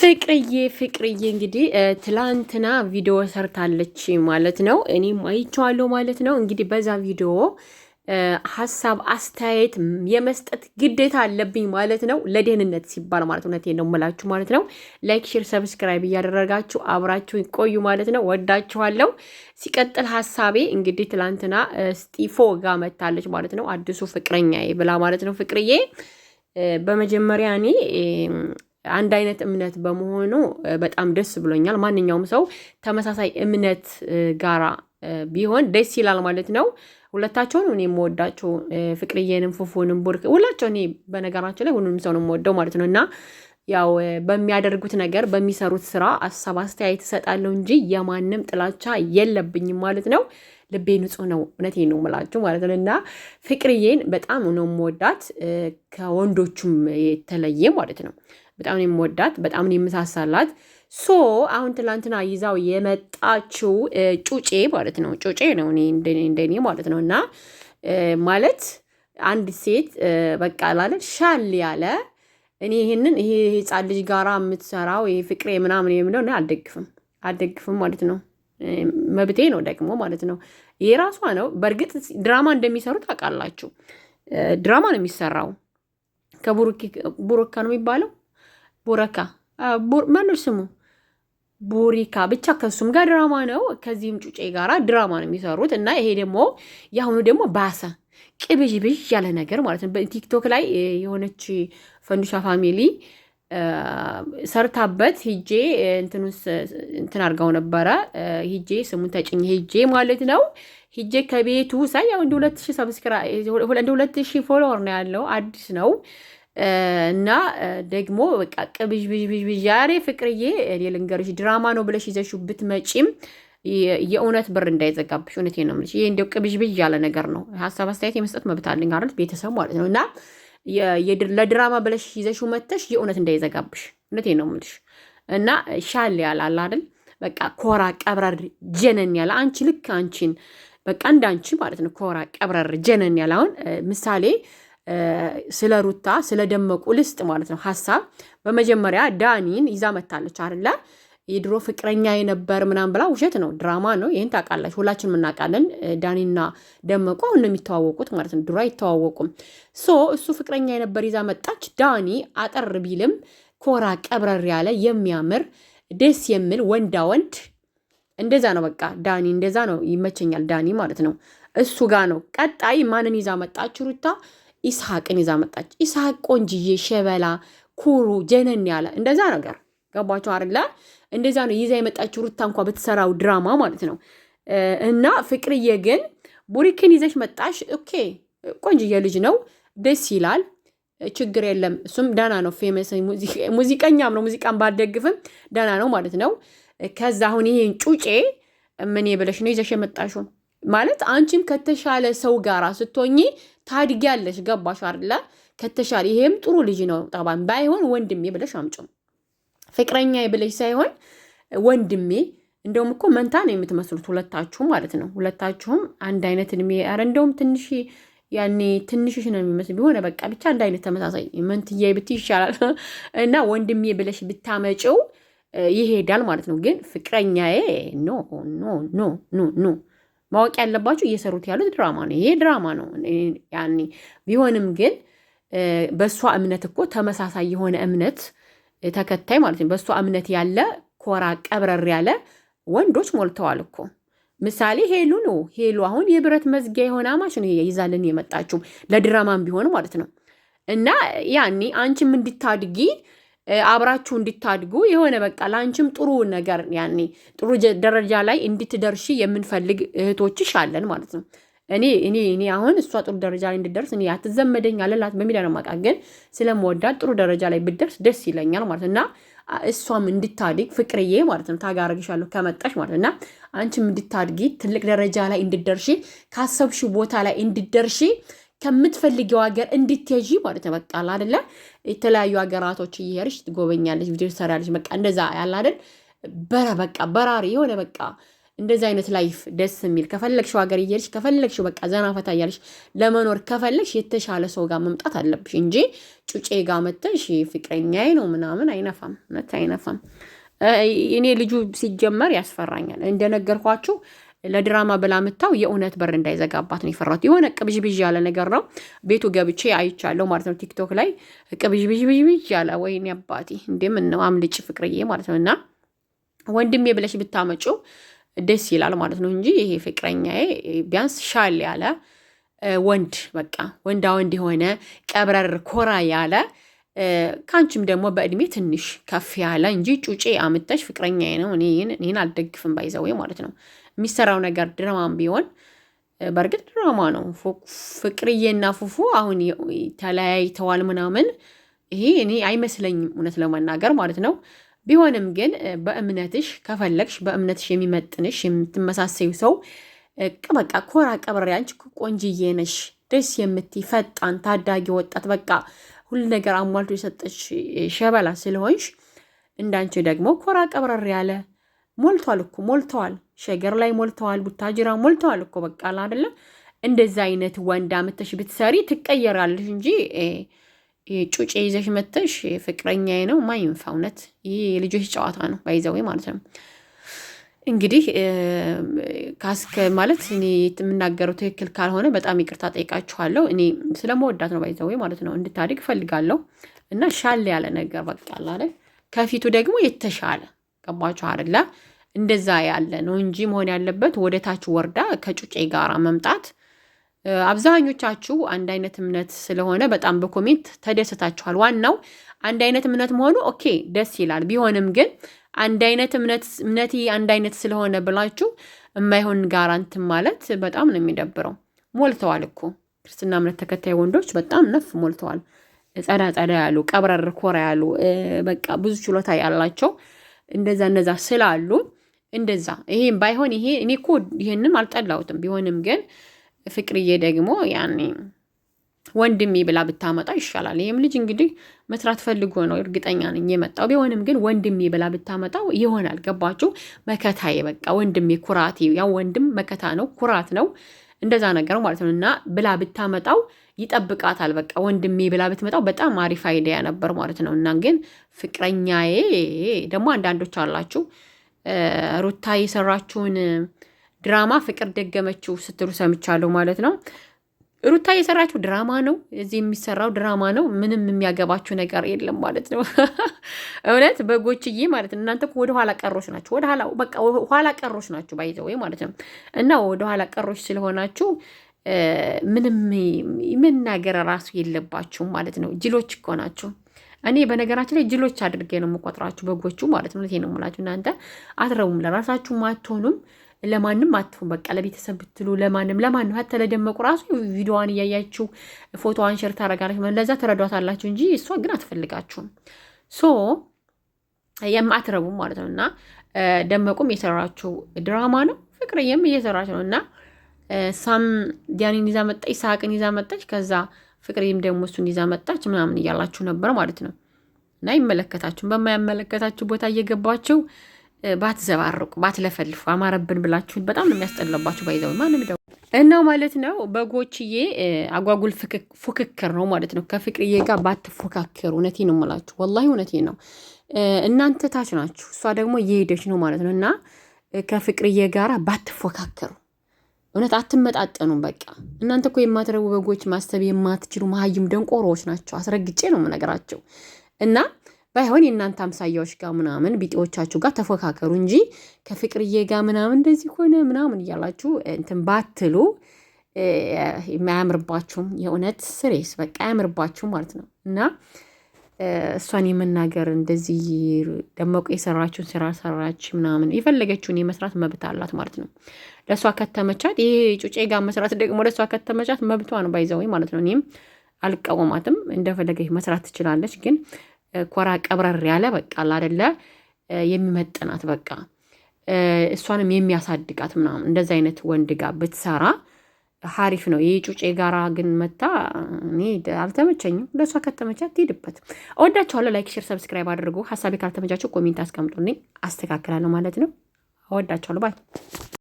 ፍቅርዬ ፍቅርዬ እንግዲህ ትላንትና ቪዲዮ ሰርታለች ማለት ነው። እኔም አይቼዋለሁ ማለት ነው። እንግዲህ በዛ ቪዲዮ ሀሳብ አስተያየት የመስጠት ግዴታ አለብኝ ማለት ነው። ለደህንነት ሲባል ማለት እውነቴን ነው የምላችሁ ማለት ነው። ላይክ፣ ሼር፣ ሰብስክራይብ እያደረጋችሁ አብራችሁ ቆዩ ማለት ነው። ወዳችኋለሁ። ሲቀጥል ሀሳቤ እንግዲህ ትላንትና ስጢፎ ጋር መታለች ማለት ነው። አዲሱ ፍቅረኛ ብላ ማለት ነው። ፍቅርዬ በመጀመሪያ እኔ አንድ አይነት እምነት በመሆኑ በጣም ደስ ብሎኛል። ማንኛውም ሰው ተመሳሳይ እምነት ጋራ ቢሆን ደስ ይላል ማለት ነው። ሁለታቸውን እኔ የምወዳቸው ፍቅርዬንም፣ ፉፉንም፣ ቡርክ ሁላቸው እኔ በነገራችን ላይ ሁሉንም ሰው ነው የምወደው ማለት ነው እና ያው በሚያደርጉት ነገር በሚሰሩት ስራ አሳብ አስተያየት እሰጣለሁ እንጂ የማንም ጥላቻ የለብኝም ማለት ነው። ልቤ ንጹህ ነው። እውነት ነው የምላችሁ ማለት ነው። እና ፍቅርዬን በጣም ነው የምወዳት ከወንዶቹም የተለየ ማለት ነው። በጣም ነው የምወዳት፣ በጣም ነው የምሳሳላት። ሶ አሁን ትላንትና ይዛው የመጣችው ጩጬ ማለት ነው። ጩጬ ነው እንደኔ ማለት ነው። እና ማለት አንድ ሴት በቃ ላለ ሻል ያለ እኔ ይህንን ይሄ ህፃን ልጅ ጋራ የምትሰራው ይሄ ፍቅሬ ምናምን የምለው እኔ አልደግፍም አልደግፍም ማለት ነው። መብቴ ነው ደግሞ ማለት ነው። የራሷ ነው። በእርግጥ ድራማ እንደሚሰሩ ታውቃላችሁ። ድራማ ነው የሚሰራው። ከቡሩካ ነው የሚባለው ቡረካ ማነው ስሙ? ቡሪካ ብቻ ከሱም ጋር ድራማ ነው። ከዚህም ጩጬ ጋር ድራማ ነው የሚሰሩት እና ይሄ ደግሞ የአሁኑ ደግሞ ባሰ ቅብዥብዥ ያለ ነገር ማለት ነው። በቲክቶክ ላይ የሆነች ፈንዱሻ ፋሚሊ ሰርታበት ሂጄ እንትኑስ እንትን አድርገው ነበረ ሂጄ ስሙን ተጭኝ ሂጄ ማለት ነው። ሂጄ ከቤቱ ሳይ ያው እንደ ሁለት ሺህ ሰብስክራ እንደ ሁለት ሺህ ፎሎወር ነው ያለው አዲስ ነው እና ደግሞ በቃ ቅብዥብዥብዥ ዛሬ ፍቅርዬ እኔ ልንገርሽ ድራማ ነው ብለሽ ይዘሽው ብትመጪም የእውነት ብር እንዳይዘጋብሽ እውነቴን ነው የምልሽ። ይሄ እንደው ቅብዥብዥ ያለ ነገር ነው። ሀሳብ አስተያየት የመስጠት መብት አለኝ አይደል ቤተሰብ ማለት ነው እና ለድራማ ብለሽ ይዘሽ መተሽ የእውነት እንዳይዘጋብሽ። እውነቴ ነው የምልሽ። እና ሻል ያለ አለ አይደል? በቃ ኮራ ቀብረር ጀነን ያለ አንቺ ልክ አንቺን በቃ እንደ አንቺ ማለት ነው። ኮራ ቀብረር ጀነን ያለ አሁን ምሳሌ ስለ ሩታ ስለ ደመቁ ልስጥ ማለት ነው ሀሳብ በመጀመሪያ ዳኒን ይዛ መታለች አይደለ የድሮ ፍቅረኛ የነበር ምናም ብላ ውሸት ነው፣ ድራማ ነው። ይህን ታውቃላችሁ፣ ሁላችንም እናውቃለን። ዳኒና ደመቁ አሁን ነው የሚተዋወቁት ማለት ነው። ድሮ አይተዋወቁም። ሶ እሱ ፍቅረኛ የነበር ይዛ መጣች። ዳኒ አጠር ቢልም ኮራ ቀብረር ያለ የሚያምር ደስ የሚል ወንዳ ወንድ እንደዛ ነው። በቃ ዳኒ እንደዛ ነው። ይመቸኛል ዳኒ ማለት ነው። እሱ ጋ ነው። ቀጣይ ማንን ይዛ መጣች ሩታ? ኢስሐቅን ይዛ መጣች። ኢስሐቅ ቆንጅዬ፣ ሸበላ፣ ኩሩ፣ ጀነን ያለ እንደዛ ነገር ገባቸው አይደለ? እንደዛ ነው ይዛ የመጣችው ሩታ እንኳ በተሰራው ድራማ ማለት ነው። እና ፍቅርዬ ግን ቡሪክን ይዘሽ መጣሽ። ኦኬ ቆንጅዬ ልጅ ነው፣ ደስ ይላል፣ ችግር የለም። እሱም ደህና ነው፣ ፌመስ ሙዚቀኛም ነው። ሙዚቃን ባልደግፍም ደህና ነው ማለት ነው። ከዛ አሁን ይሄን ጩጬ ምን ብለሽ ነው ይዘሽ የመጣሹ? ማለት አንቺም ከተሻለ ሰው ጋራ ስትሆኚ ታድጊያለሽ። ገባሽ አይደለ? ከተሻለ ይሄም ጥሩ ልጅ ነው። ጠባን ባይሆን ወንድሜ ብለሽ አምጪው። ፍቅረኛ ብለሽ ሳይሆን ወንድሜ እንደውም እኮ መንታ ነው የምትመስሉት ሁለታችሁ ማለት ነው። ሁለታችሁም አንድ አይነት እድሜ፣ ኧረ እንደውም ትንሽ ያኔ ትንሽሽ ነው የሚመስል ቢሆነ በቃ ብቻ አንድ አይነት ተመሳሳይ መንትዬ ብት ይሻላል። እና ወንድሜ ብለሽ ብታመጭው ይሄዳል ማለት ነው። ግን ፍቅረኛዬ ኖ ኖ ኖ ኖ ኖ። ማወቅ ያለባችሁ እየሰሩት ያሉት ድራማ ነው። ይሄ ድራማ ነው ያኔ ቢሆንም ግን በእሷ እምነት እኮ ተመሳሳይ የሆነ እምነት ተከታይ ማለት ነው። በእሷ እምነት ያለ ኮራ ቀብረር ያለ ወንዶች ሞልተዋል እኮ። ምሳሌ ሄሉ ነው። ሄሉ አሁን የብረት መዝጊያ የሆነ አማሽ ነው ይዛልን የመጣችው ለድራማም ቢሆን ማለት ነው። እና ያኔ አንቺም እንድታድጊ አብራችሁ እንድታድጉ የሆነ በቃ ለአንቺም ጥሩ ነገር ያኔ ጥሩ ደረጃ ላይ እንድትደርሺ የምንፈልግ እህቶችሽ አለን ማለት ነው። እኔ እኔ እኔ አሁን እሷ ጥሩ ደረጃ ላይ እንድደርስ እኔ አትዘመደኝ አለላት በሚል ነው ግን ስለምወዳት ጥሩ ደረጃ ላይ ብደርስ ደስ ይለኛል ማለት እና እሷም እንድታድግ ፍቅርዬ ማለት ነው ታጋርግሻለሁ ከመጣሽ ማለት እና አንቺም እንድታድጊ ትልቅ ደረጃ ላይ እንድደርሺ ካሰብሽ ቦታ ላይ እንድደርሺ ከምትፈልጊው ሀገር እንድትሄጂ ማለት ነው። በቃ አለ አይደለ የተለያዩ ሀገራቶች እየሄድሽ ትጎበኛለሽ፣ ቪዲዮ ትሰራለሽ። በቃ እንደዛ ያለ አይደል በረ በቃ በራሪ የሆነ በቃ እንደዚህ አይነት ላይፍ ደስ የሚል ከፈለግሽው ሀገር እየሄድሽ ከፈለግሽው በቃ ዘና ፈታ እያልሽ ለመኖር ከፈለግሽ የተሻለ ሰው ጋር መምጣት አለብሽ እንጂ ጩጬ ጋር መተሽ ፍቅረኛዬ ነው ምናምን አይነፋም፣ አይነፋም። እኔ ልጁ ሲጀመር ያስፈራኛል። እንደነገርኳችሁ ለድራማ ብላ ምታው የእውነት በር እንዳይዘጋባት ነው የፈራት። የሆነ ቅብዥብዥ ያለ ነገር ነው ቤቱ ገብቼ አይቻለሁ ማለት ነው። ቲክቶክ ላይ ቅብዥብዥብዥ ያለ ወይኔ አባቴ እንደምን ነው አምልጭ ፍቅርዬ ማለት ነው እና ወንድሜ ብለሽ ብታመጪው ደስ ይላል ማለት ነው እንጂ ይሄ ፍቅረኛዬ ቢያንስ ሻል ያለ ወንድ በቃ ወንዳ ወንድ የሆነ ቀብረር ኮራ ያለ ከአንቺም ደግሞ በእድሜ ትንሽ ከፍ ያለ እንጂ ጩጬ አምተሽ ፍቅረኛዬ ነው እኔን አልደግፍም፣ ባይዘዌ ማለት ነው። የሚሰራው ነገር ድራማም ቢሆን በእርግጥ ድራማ ነው። ፍቅርዬና ፉፉ አሁን ተለያይተዋል ምናምን፣ ይሄ እኔ አይመስለኝም እውነት ለመናገር ማለት ነው። ቢሆንም ግን በእምነትሽ ከፈለግሽ በእምነትሽ የሚመጥንሽ የምትመሳሰዩ ሰው በቃ ኮራ ቀብሬ አንቺ ቆንጅዬ ነሽ ደስ የምትይ ፈጣን ታዳጊ ወጣት በቃ ሁሉ ነገር አሟልቶ የሰጠች ሸበላ ስለሆንሽ እንዳንቺ ደግሞ ኮራ ቀብረር ያለ ሞልተዋል እኮ ሞልተዋል። ሸገር ላይ ሞልተዋል፣ ቡታጅራ ሞልተዋል እኮ በቃ አይደለም። እንደዛ አይነት ወንድ አምተሽ ብትሰሪ ትቀየራለሽ እንጂ ጩጬ ይዘሽ መተሽ ፍቅረኛዬ ነው ማይንፋ እውነት ይህ የልጆች ጨዋታ ነው፣ ባይዘዌ ማለት ነው። እንግዲህ ካስከ ማለት እኔ የምናገረው ትክክል ካልሆነ በጣም ይቅርታ ጠይቃችኋለሁ። እኔ ስለመወዳት ነው ባይዘዌ ማለት ነው። እንድታድግ እፈልጋለሁ እና ሻል ያለ ነገር በቃ አለ ከፊቱ ደግሞ የተሻለ ገባችሁ አይደለ? እንደዛ ያለ ነው እንጂ መሆን ያለበት ወደ ታች ወርዳ ከጩጬ ጋር መምጣት አብዛኞቻችሁ አንድ አይነት እምነት ስለሆነ በጣም በኮሜንት ተደስታችኋል። ዋናው አንድ አይነት እምነት መሆኑ ኦኬ ደስ ይላል። ቢሆንም ግን አንድ አይነት እምነት እምነቴ አንድ አይነት ስለሆነ ብላችሁ የማይሆን ጋራንት ማለት በጣም ነው የሚደብረው። ሞልተዋል እኮ ክርስትና እምነት ተከታይ ወንዶች በጣም ነፍ ሞልተዋል። ጸዳ ጸዳ ያሉ ቀብረር ኮራ ያሉ በቃ ብዙ ችሎታ ያላቸው እንደዛ እነዛ ስላሉ እንደዛ ይሄም ባይሆን ይሄ እኔ እኮ ይሄንም አልጠላሁትም። ቢሆንም ግን ፍቅርዬ ደግሞ ያኔ ወንድሜ ብላ ብታመጣ ይሻላል። ይህም ልጅ እንግዲህ መስራት ፈልጎ ነው እርግጠኛ ነኝ የመጣው። ቢሆንም ግን ወንድሜ ብላ ብታመጣው ይሆናል። ገባችሁ? መከታዬ፣ በቃ ወንድሜ፣ ኩራቴ። ያው ወንድም መከታ ነው፣ ኩራት ነው፣ እንደዛ ነገር ማለት ነው። እና ብላ ብታመጣው ይጠብቃታል። በቃ ወንድሜ ብላ ብትመጣው በጣም አሪፍ አይዲያ ነበር ማለት ነው። እና ግን ፍቅረኛዬ ደግሞ አንዳንዶች አላችሁ ሩታ የሰራችሁን ድራማ ፍቅር ደገመችው ስትሉ ሰምቻለሁ ማለት ነው። ሩታ የሰራችው ድራማ ነው። እዚህ የሚሰራው ድራማ ነው። ምንም የሚያገባችው ነገር የለም ማለት ነው። እውነት በጎችዬ ማለት ነው። እናንተ ወደ ኋላ ቀሮች ናችሁ። ኋላ ቀሮች ናችሁ ባይዘው ማለት ነው። እና ወደ ኋላ ቀሮች ስለሆናችሁ ምንም መናገር ራሱ የለባችሁም ማለት ነው። ጅሎች እኮ ናችሁ። እኔ በነገራችን ላይ ጅሎች አድርጌ ነው የምቆጥራችሁ በጎቹ ማለት ነው። ነው የምላችሁ እናንተ አትረቡም፣ ለራሳችሁም አትሆኑም። ለማንም አትፉም። በቃ ለቤተሰብ ብትሉ ለማንም ለማንም ሀተ ለደመቁ ራሱ ቪዲዮዋን እያያችሁ ፎቶዋን ሸር ታረጋለች፣ ለዛ ትረዷታላችሁ እንጂ እሷ ግን አትፈልጋችሁም። ሶ የማትረቡም ማለት ነው። እና ደመቁም የሰራችው ድራማ ነው፣ ፍቅርዬም እየሰራች ነው እና ሳም ዲያኔን ይዛ መጣች፣ ሳቅን ይዛ መጣች። ከዛ ፍቅርም ደግሞ እሱን ይዛ መጣች ምናምን እያላችሁ ነበር ማለት ነው እና ይመለከታችሁን በማያመለከታችሁ ቦታ እየገባችሁ ባትዘባርቁ ባትለፈልፉ አማረብን ብላችሁን በጣም ነው የሚያስጠላባችሁ። ባይዘው ማንም ደ እና ማለት ነው በጎችዬ፣ አጓጉል ፉክክር ነው ማለት ነው። ከፍቅርዬ ጋር ባትፎካከሩ፣ እውነቴ ነው የምላችሁ፣ ወላሂ እውነቴ ነው። እናንተ ታች ናችሁ፣ እሷ ደግሞ እየሄደች ነው ማለት ነው። እና ከፍቅርዬ ጋር ባትፎካከሩ፣ እውነት አትመጣጠኑም። በቃ እናንተ እኮ የማትረቡ በጎች፣ ማሰብ የማትችሉ መሀይም ደንቆሮዎች ናቸው። አስረግጬ ነው የምነግራቸው እና ባይሆን የእናንተ አምሳያዎች ጋር ምናምን ቢጤዎቻችሁ ጋር ተፎካከሩ እንጂ ከፍቅርዬ ጋር ምናምን እንደዚህ ሆነ ምናምን እያላችሁ እንትን ባትሉ የማያምርባችሁም የእውነት ስሬስ በቃ አያምርባችሁም ማለት ነው እና እሷን የመናገር እንደዚህ ደመቁ የሰራችውን ስራ ሰራች ምናምን የፈለገችውን የመስራት መብት አላት ማለት ነው። ለእሷ ከተመቻት ይሄ ጩጬ ጋር መስራት ደግሞ ለእሷ ከተመቻት መብቷ ነው። ባይዘወይ ማለት ነው። እኔም አልቃወማትም። እንደፈለገ መስራት ትችላለች ግን ኮራ ቀብረር ያለ በቃ አላደለ የሚመጥናት በቃ እሷንም የሚያሳድጋት ምናምን እንደዚ አይነት ወንድ ጋር ብትሰራ ሀሪፍ ነው። ይህ ጩጬ ጋራ ግን መታ እኔ አልተመቸኝም። ለእሷ ከተመቻ ትሄድበት። እወዳቸዋለሁ። ላይክ፣ ሼር፣ ሰብስክራይብ አድርጉ። ሀሳቤ ካልተመቻቸው ኮሜንት አስቀምጡልኝ፣ አስተካክላለሁ ማለት ነው። እወዳቸዋለሁ ባይ